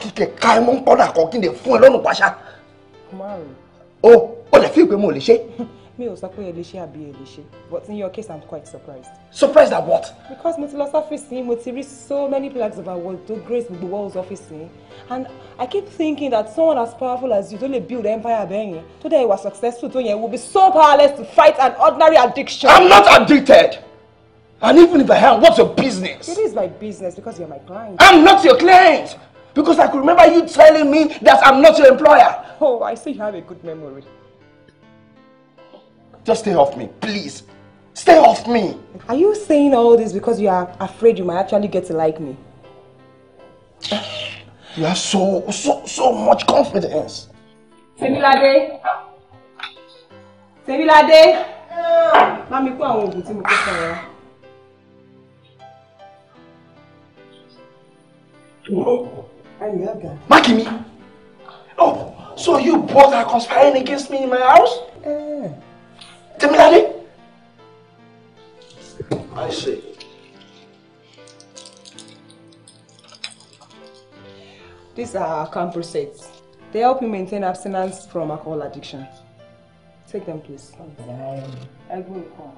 kíkẹ́ ká ẹ mọ́ ń pọ́nà kan kí n lè fún ẹ lọ́nà pàṣà. márùn. Oh, o ò lè fi ìpè mo lè ṣe mi ò sọ pé ẹ lè ṣe àbí ẹ but in your case i'm quite surprised. surprised at what. because mo ti lọ sọ́fíìsì yín mo ti rí so many plaques of award tó grace gbogbo walls office yín and i keep thinking that someone as powerful as you tó lè build empire bẹ́ẹ̀ yẹn tó dẹ̀ ìwà successful tó yẹn will be so powerless to fight an ordinary addiction. i'm not addicted. And even if I am, what's your business? It is my business because you're my client. I'm not your client because I could remember you telling me that I'm not your employer. Oh, I see you have a good memory. Just stay off me, please. Stay off me. Are you saying all this because you are afraid you might actually get to like me? You have so, so, so much confidence. Temilade. Temilade. Mami, come on, àwọn oògùn tí mo kó sọ̀rọ̀. Má kì mí. Oh, so you both are conspiring against me in my house? Uh. Tèmiládé. I see. These are Camprosate. They help you maintain abstinence from alcohol addiction. Take them, please. Okay. I will come.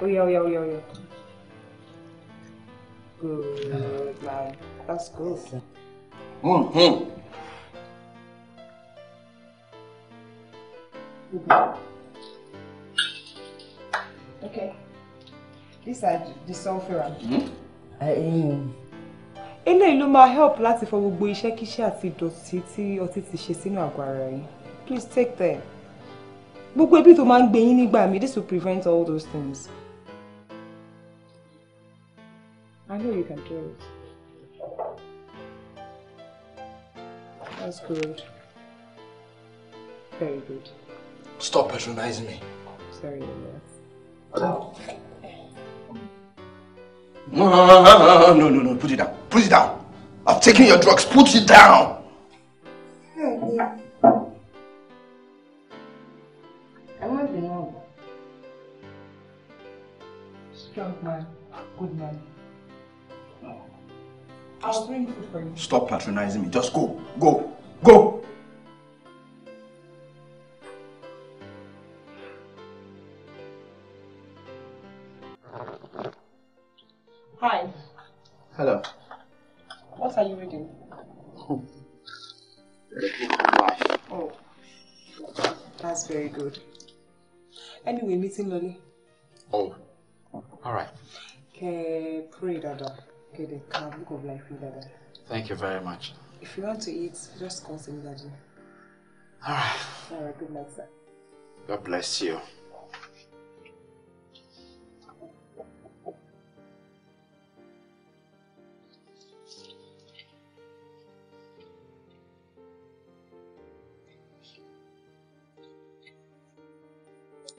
Oh, yeah, oh, yeah, oh, yeah, oh, yeah. Good, uh-huh. man. That's good. Mm-hmm. Mm-hmm. Okay. These are the sulfurant. Hmm? Eléyìí eh, eh. ló máa help láti fọ gbogbo iṣẹ́kíṣẹ́ àti ìdọ̀tí tí ọtí ti ṣe sínú àgọ́ ara yín. Please take them. Gbogbo ebi tó máa ń gbé yín nígbà mi, this will prevent all those things. I know you can do it. That's good. Very good. Stop patronizing me. Sorry, yes. No, no, no, put it down. Put it down. I've taken your drugs. Put it down. I'm not the one. Strong man, good man. I'll bring food for you. Stop patronizing me. Just go. Go. Go. very good. Anyway, meeting Lolly. Oh, all right. Kẹ́ pray dada. Kẹ́ dey calm, look of life dada. Thank you very much. If you want to eat, just call Semidaji. All right. All right, good night, sir. God bless you.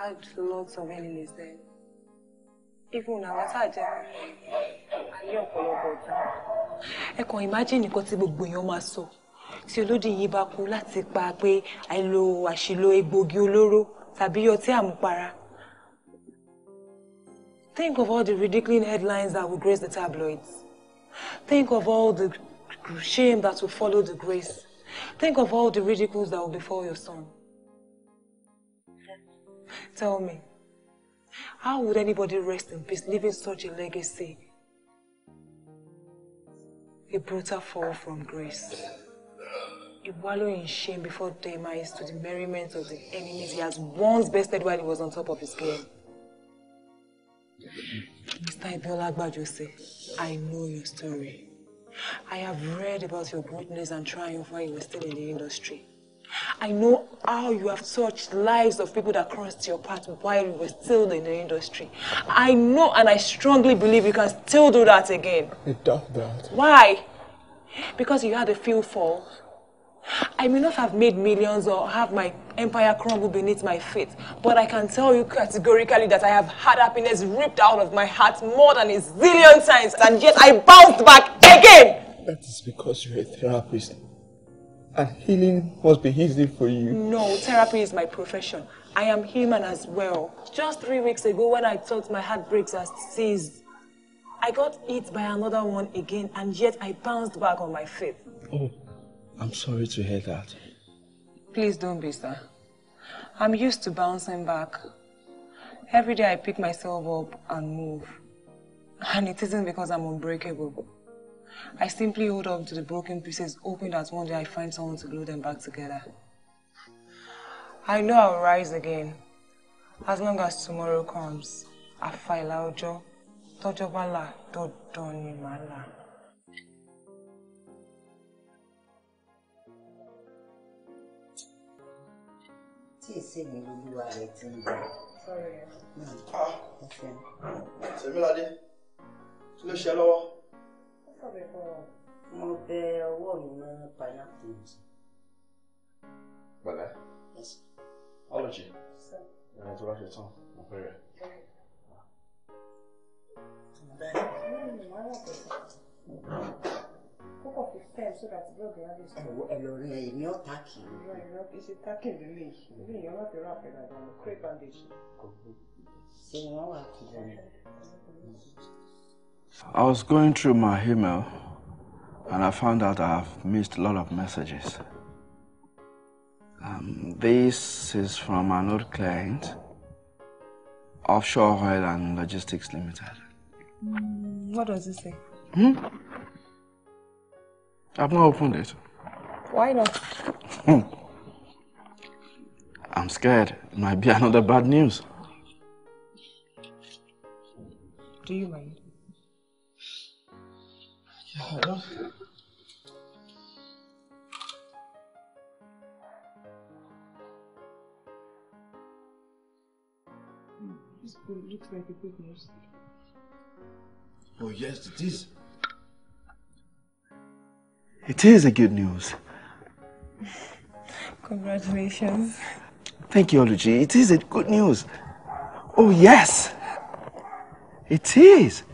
I had lots of enemies then. Even now, I had ní ọ̀pọ̀lọpọ̀ ọ̀tá. Ẹ kàn imagine you tí to èèyàn máa sọ tí olódì yìí bá kú láti pa pé àìlò àṣìlò egbògi olóró tàbí ọtí àmupara. Think of all the ridiculous headlines that will grace the tabloids. Think of all the shame that will follow the grace. Think of all the ridicules that will befall your son. Tell me, how would anybody rest in peace leaving such a legacy? A brutal fall from grace. A wallowing in shame before demise to the merriment of the enemies he has once bested while he was on top of his game. Mr. Ibiola Gbajose, I know your story. I have read about your greatness and triumph while you were still in the industry. I know how you have touched lives of people that crossed your path while you were still in the industry. I know and I strongly believe you can still do that again. I doubt that. Why? Because you had a few falls. I may not have made millions or have my empire crumble beneath my feet, but I can tell you categorically that I have had happiness ripped out of my heart more than a zillion times, and yet I bounced back again! That is because you're a therapist and healing must be easy for you. No, therapy is my profession. I am human as well. Just three weeks ago, when I thought my heartbreaks had ceased, I got hit by another one again, and yet I bounced back on my feet. Oh, I'm sorry to hear that. Please don't be, sir. I'm used to bouncing back. Every day I pick myself up and move. And it isn't because I'm unbreakable. I simply hold on to the broken pieces, hoping that one day I find someone to glue them back together. I know I'll rise again, as long as tomorrow comes. Àfàìlà ọjọ́, tọ́jọ́ bá là, dandan ni màá là. tí ìsinmi lolúwa rẹ ti ń mo bẹ ọwọ́ mi mọ́ pineapple mi. pẹ̀lẹ́ ọlọ́jì ẹni tó bá ṣe tán mo fẹ́ rẹ̀. Kókò fi fẹ́ so that blood dey always flow. Ẹ lọ rí ẹ̀mí ọ̀tá kì í. Ìrọ̀ ìrọ̀ kì í ṣe tákì lélẹ̀ yìí. Ilé ìyẹn wà pẹ̀lú àpẹẹrẹ àgbà mo kúrè bandage. Ṣé wọ́n wà kúrò ní? I was going through my email and I found out I've missed a lot of messages. Um, this is from an old client, Offshore Oil and Logistics Limited. Mm, what does it say? Hmm? I've not opened it. Why not? Hmm. I'm scared. It might be another bad news. Do you mind? This looks like a good news. Oh yes, it is. It is a good news. Congratulations. Thank you, Oluji. It is a good news. Oh yes, it is.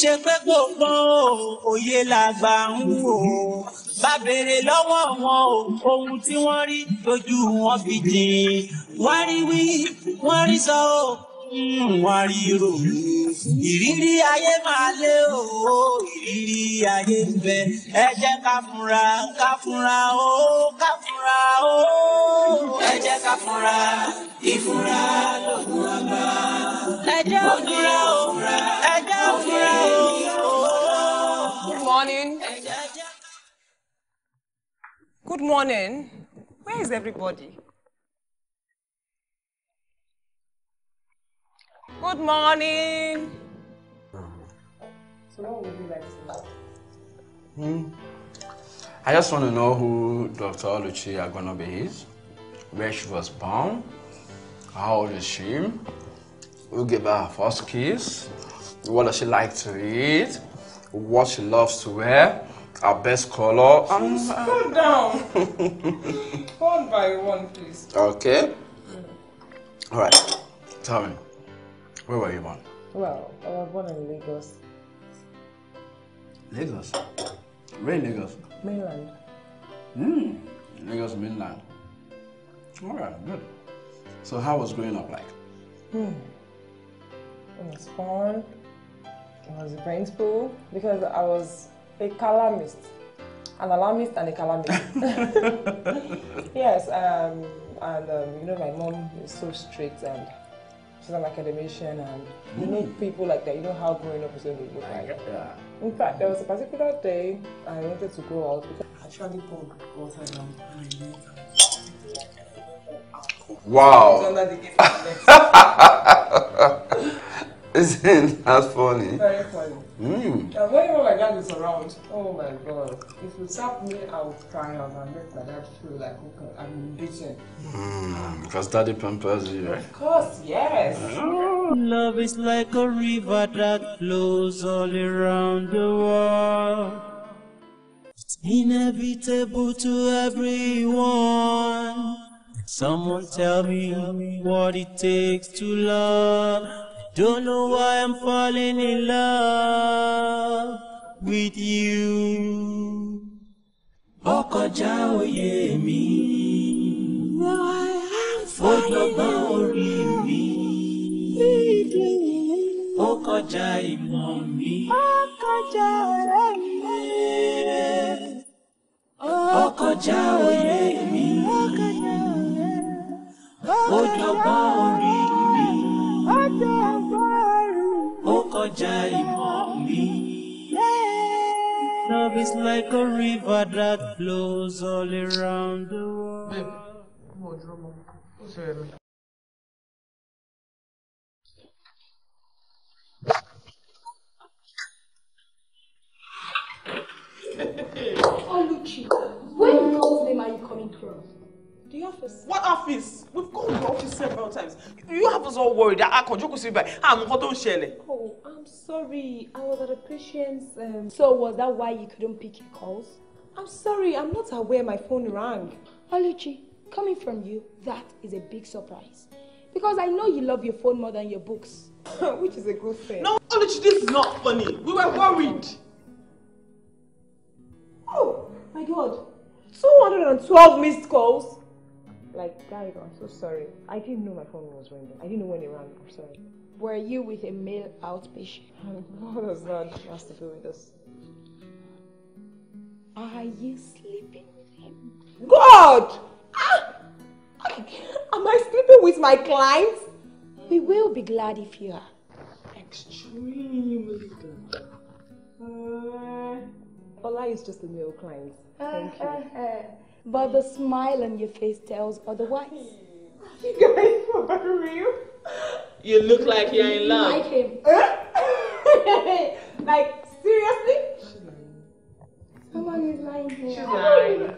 ṣe pé kò gbọ́n o òye làgbà ń wò ó bá béèrè lọ́wọ́ wọn o ohun tí wọ́n rí lójú wọn fi jìn wọ́n rí wí wọ́n rí sọ o hmm, wọ́n rí rò ìrírí ayé máa lé o ìrírí ayé ń bẹ ẹ ká fúnra ká fúnra o ká fúnra o ẹ ká fúnra ìfúnra lògùn àgbà ẹ jẹ́ òdúrà o. morning. Good morning. Where is everybody? Good morning. So what would you like to know? Hmm. I just want to know who Dr. Oluchi Agbonobi is, where she was born, how old is she, who gave her first kiss, what does she like to eat, what she loves to wear, our best color. Um, Slow uh, down. one by one, please. Okay. All right. Tell me, where were you born? Well, I was born in Lagos. Lagos? Where in Lagos? Mainland. Hmm. Lagos mainland. All right, good. So how was growing up like? Hmm. It was fun. I was a brain school because I was a calamist, an alarmist and a calamist. yes, um, and um, you know my mom is so strict and she's an academician and you know mm. people like that, you know how growing up is going to look like. Yeah. In fact, there was a particular day I wanted to go out. Actually, Paul got her down. Wow. Isn't that funny? Very funny. Mm. And whenever my dad is around, oh my god, if you tap me, I will cry out and make my dad feel like okay, I'm beaten. Mm, because daddy pampers you. Of course, yes. Ah. Love is like a river that flows all around the world. It's inevitable to everyone. Someone tell me what it takes to love. Don't know why I'm falling in love with you. Ọkọjá òye mi. Ó dọ́gbọ́n orí mi. Ó kọjá ìmọ̀ mi. Ọkọjá ọ̀rẹ́ mi. Ọkọjá òye mi. Ó dọ́gbọ́n orí mi. Ó dọ́gbọ́n kọjá ìmọ̀ mi. Love is like a river that flows all around the world. Bẹ́ẹ̀ni, mo where in God's name are you coming from? The office. What office? We've gone to the office several times. You have us all worried. I can't joke with you by. I'm going to share it. Oh, I'm sorry, I was at a patient's. Um, so was that why you couldn't pick your calls? I'm sorry, I'm not aware my phone rang. Oluchi, coming from you, that is a big surprise. Because I know you love your phone more than your books. Which is a good thing. No, Oluchi, this is not funny. We were worried. Oh, my God. 212 missed calls. Like, guys, I'm so sorry. I didn't know my phone was ringing. I didn't know when it rang. I'm sorry. Were you with a male outpatient? What does that have to do with us? Are you sleeping with him? God! Ah! Am I sleeping with my clients? We will be glad if you are. Extremely glad. Uh, Ola is just a male client. Thank uh, you. Uh, uh, but the smile on your face tells otherwise. You guys for real? You look like you're in love. Like him. like seriously? Someone is lying here. She's lying.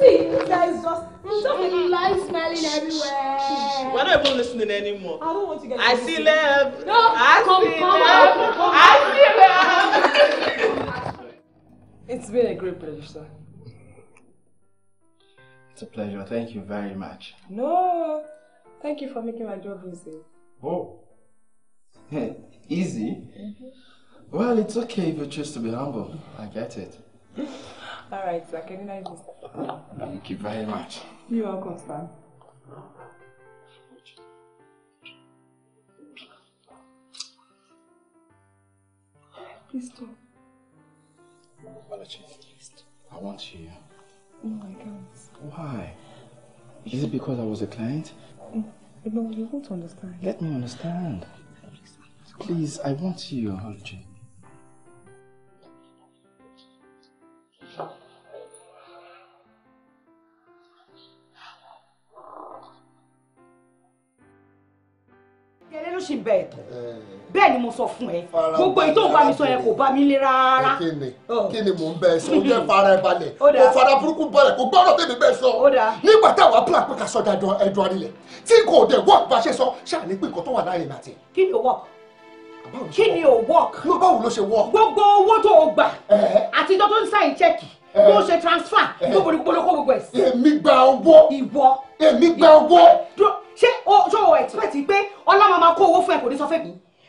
See, you guys just somebody lies smiling everywhere. Why are not even listening anymore. I don't want you guys. I see love. No, I come, see love. I see love. it's been a great pleasure, sir. It's a pleasure. Thank you very much. No, Thank you for making my job easy. Oh. easy? Mm -hmm. Well, it's okay if you choose to be humble. I get it. All right, sir. Can you this? Thank you very much. You're welcome, sir. Please stop. Malachi, I want you. Oh, I can't. Why? Is it because I was a client? No, you won't understand. Let me understand. Please, I want you, Oluchi. ló ṣì ń bẹ ẹ̀tọ́ bẹ́ẹ̀ ni mo sọ fún ẹ gbogbo èyí tó ń bá mi sọ yẹn kò bá mi lé rárá. Eh, kí ni oh. kí ni mò ń bẹ ẹ sọ oúnjẹ fara ẹ balẹ̀ kò fara burúkú balẹ̀ kò gbọ́dọ̀ tèmi bẹ́ẹ̀ sọ nígbà táwa plan pé ká sọ dandan ẹ̀dùn arinlẹ̀ tí kò dé work bá ṣe sọ ṣáà ní pé nǹkan tó wà láàrin mi kí ni work kí ni ò work. yóò báwo ló ṣe work. gbogbo owó tó o gbà eh. àtijọ́ tó ń sáyìn chẹ́ẹ̀kì bó eh. ṣe transfer gbogbo ní gbogbo ló kó gbogbo ẹ̀ sí. èmi gba owó. ìwọ. èmi gba owó ṣé o ṣé o expect pé ọlọ́mọ máa kó owó fún ẹ kò ní sọ fún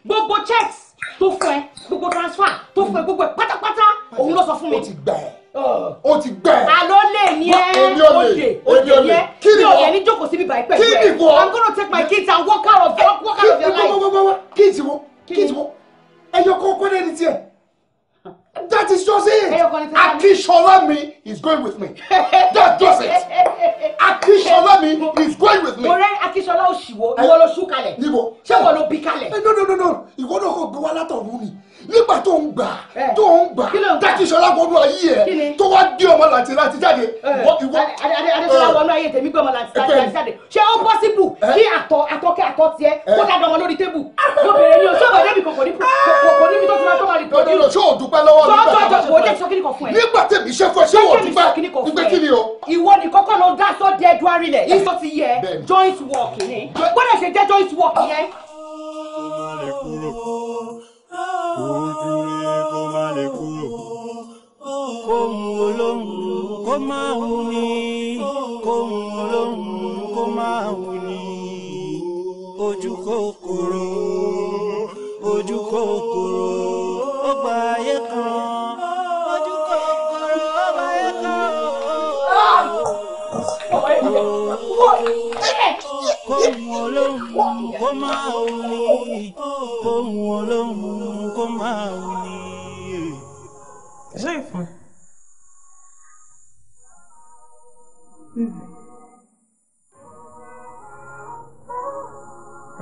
gbogbo checks tó fún ẹ gbogbo transfer tó fún ẹ gbogbo ẹ pátápátá òun ló sọ fún mi. o ti gbà ẹ o ti gbà ẹ. àlọ́ lè ní ẹ òde òde kí ni òye ní jókòó síbi báyìí pẹ̀lú ẹ kí ni i'm gonna take my kids and walk out of your walk out of your life. kí ni wọ́n wọ́n wọ́n kí ni wọ́n kí ni wọ́n ẹ̀yọ́ kọ́kọ́ náà ní tiẹ̀. That is just it. Akisholami is going with me. That's just it. Akisholami is going with me. Mo rẹ́ Akishola òṣìwò, ìwọ ló ṣú kalẹ̀. Níbo? Ṣé ìwọ ló bí kalẹ̀? No no no no, ìwọ náà kò gbé wa látọ̀run ni nígbà tó ń gbà tó ń gbà dákì sọlá wọnú ayé ẹ tó wá dé ọmọ láti láti jáde. adéṣọlá wọnú ayé tèmi gbé ọmọ láti láti jáde ṣé ó pọ́sibù kí àtọ̀ àtọ̀kẹ́ àtọ̀ tiẹ̀ kó dá dọmọ lórí tébù lóbìnrin ni o ṣé ọ̀bẹ débi kòkò níbi tó ti máa tó máa rí tó dé. ṣé o dúpẹ́ lọ́wọ́ nígbà tẹ̀mí iṣẹ́ fún ẹ ṣé o dúpẹ́ dúpẹ́ kí ni o. ìwọ ni kọ́kọ́ lọ dá sọ́ọ̀dì ẹ̀dùn arinlẹ̀ ìṣó ti yẹ joint work ni gbọ́dọ̀ ṣe jẹ́ joint work yẹn lè kúrò. kó hun olóhùn kó má hun ni kó hun olóhùn kó má hun ni ojú kòkòrò ojú kòkòrò ó gba ayé kan. ojú kòkòrò ó gba ayé kan. kó hun olóhùn kó má hun ni kó hun olóhùn kó má hun ni. Mm-hmm.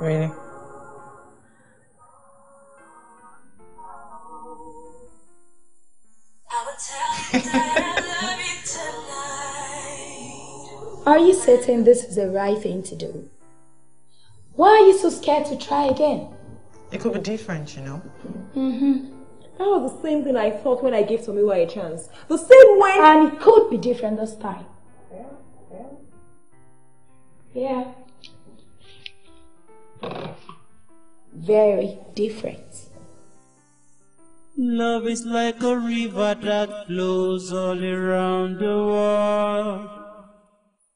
Really? are you certain this is the right thing to do? Why are you so scared to try again? It could be different, you know? Mm-hmm. That was the same thing I thought when I gave Tomiwa a chance. The same way. And it could be different this time. Yeah. Yeah. yeah. Very different. Love is like a river that flows all around the world.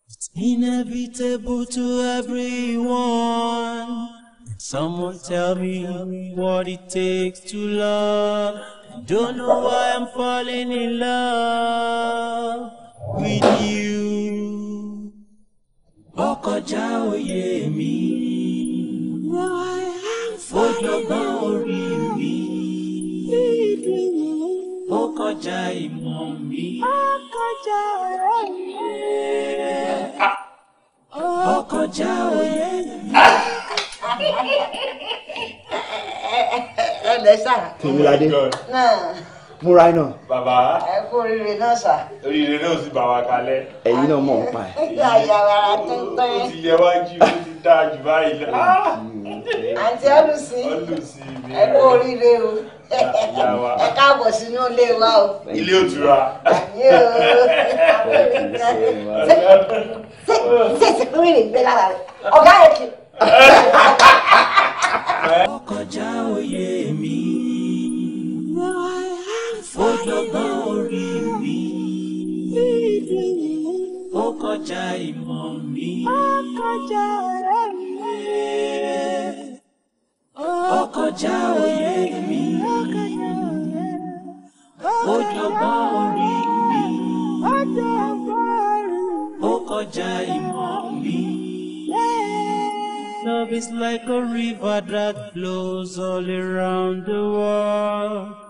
It's inevitable to everyone. Someone tell me what it takes to love. Don't know why I'm falling in love with you. Ọkọjá ye mi. Ọjọ́gbọ́n orí mi. Ọkọjá ìmọ̀ mi. Ọkọjá ọ̀rọ̀ mi. Ah! Ọkọjá ye mi ẹ lẹ sà. tèmíládé múra iná. bàbá ẹ kú oríire náà sà. oríire náà sì bá wa kalẹ̀. ẹ̀yin náà mọ̀ ń pa ẹ̀. ìyá yàrá tuntun. ó ti yẹ wájú ó ti dáa jù báyìí lọ. àǹtí ọlùsí ẹ kú oríire o ẹ káàbọ̀ sínú ilé wa o. ilé òtura. ṣèṣe kúrò ìgbélára rẹ ọ̀gá ẹ̀ kì í ọkọjá òye mi ó dọ́gbọ́n mi ó ìmọ̀ mi ó kọjá mi ó dọ́gbọ́n mi ó Love is like a river that flows all around the world.